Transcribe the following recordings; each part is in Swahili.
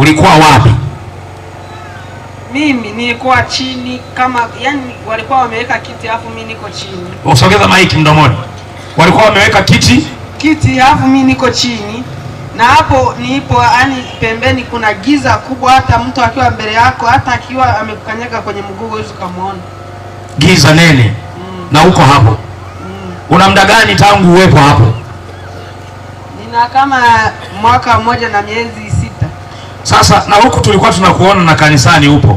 ulikuwa wapi? Mimi nilikuwa chini kama yani, walikuwa wameweka kiti alafu mimi niko chini. Usogeza maiki mdomoni. Walikuwa wameweka kiti kiti alafu mimi niko chini, na hapo nipo yani pembeni, kuna giza kubwa, hata mtu akiwa mbele yako, hata akiwa amekukanyaga kwenye mguu huwezi kumuona, giza nene mm. na uko hapo mm. una muda gani tangu uwepo hapo? Nina kama mwaka mmoja na miezi sasa na huku tulikuwa tunakuona na kanisani upo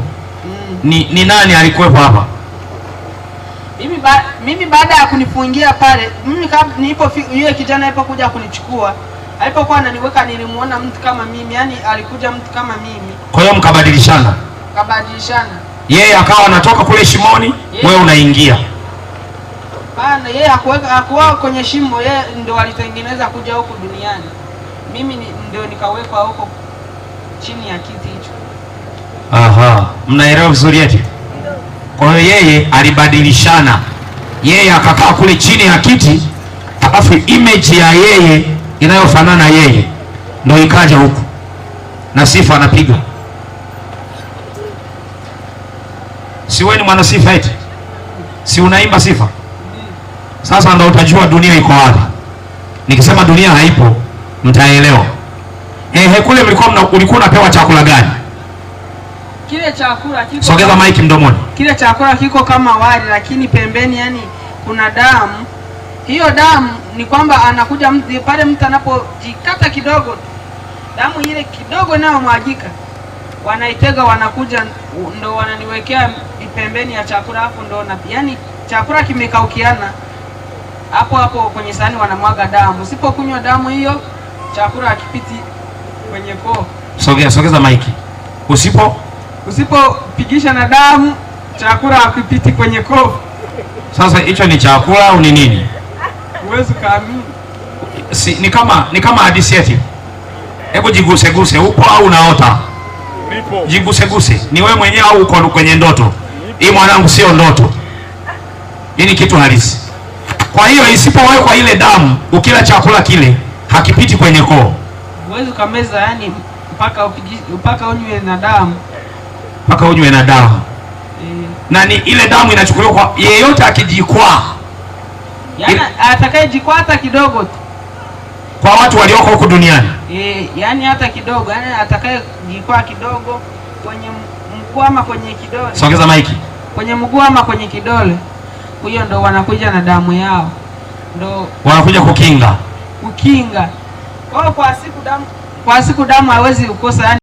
mm. Ni, ni nani alikuwepo hapa? Mimi, ba, mimi baada ya kunifungia pale mimi nipo yule kijana alipokuja kunichukua alipokuwa ananiweka nilimuona mtu kama mimi, yani alikuja mtu kama mimi. Kwa hiyo mkabadilishana, mkabadilishana yeye akawa anatoka kule shimoni, wewe unaingia bana. Yeye hakuwa kwenye shimo, yeye ndio alitengeneza kuja huko duniani, mimi ndio nikawekwa huko chini ya kiti hicho. Aha, mnaelewa vizuri eti? Kwa hiyo yeye alibadilishana, yeye akakaa kule chini ya kiti, alafu image ya yeye inayofanana yeye ndio ikaja huku na sifa anapiga. Si wewe ni mwana sifa eti? Si unaimba sifa? Sasa ndio utajua dunia iko wapi. Nikisema dunia haipo mtaelewa. Ehe, kule mlikuwa mna, ulikuwa unapewa chakula gani? Kile chakula kiko Sogeza maiki mdomoni. Kile chakula kiko kama wali lakini pembeni yani kuna damu. Hiyo damu ni kwamba anakuja mtu pale mtu anapojikata kidogo damu ile kidogo nayo mwagika. Wanaitega wanakuja ndo wananiwekea pembeni ya chakula hapo ndo na yani chakula kimekaukiana hapo hapo kwenye sahani wanamwaga damu. Usipokunywa damu hiyo chakula hakipiti kwenye koo. Sogea, sogeza maiki. Usipo usipopigisha na damu chakula hakipiti kwenye koo. Sasa hicho ni chakula au ni nini? Huwezi kaamini. Si, ni kama ni kama hadithi yetu. Hebu jiguse guse, upo au unaota? Nipo. Jiguse guse. Ni wewe mwenyewe au uko kwenye ndoto? Hii mwanangu, sio ndoto. Hii ni kitu halisi. Kwa hiyo isipowekwa ile damu, ukila chakula kile hakipiti kwenye koo. Huwezi ukameza yani mpaka mpaka unywe na damu mpaka unywe na damu e. Na ni ile damu inachukuliwa kwa yeyote akijikwaa, yani atakayejikwaa hata kidogo tu kwa watu walioko huku duniani e, yani hata kidogo, yani atakayejikwaa kidogo kwenye mguu ama kwenye kidole, songeza maiki, kwenye mguu ama kwenye kidole, huyo ndo wanakuja na damu yao, ndo wanakuja kukinga kukinga kwa siku damu, kwa siku damu hawezi kukosa yani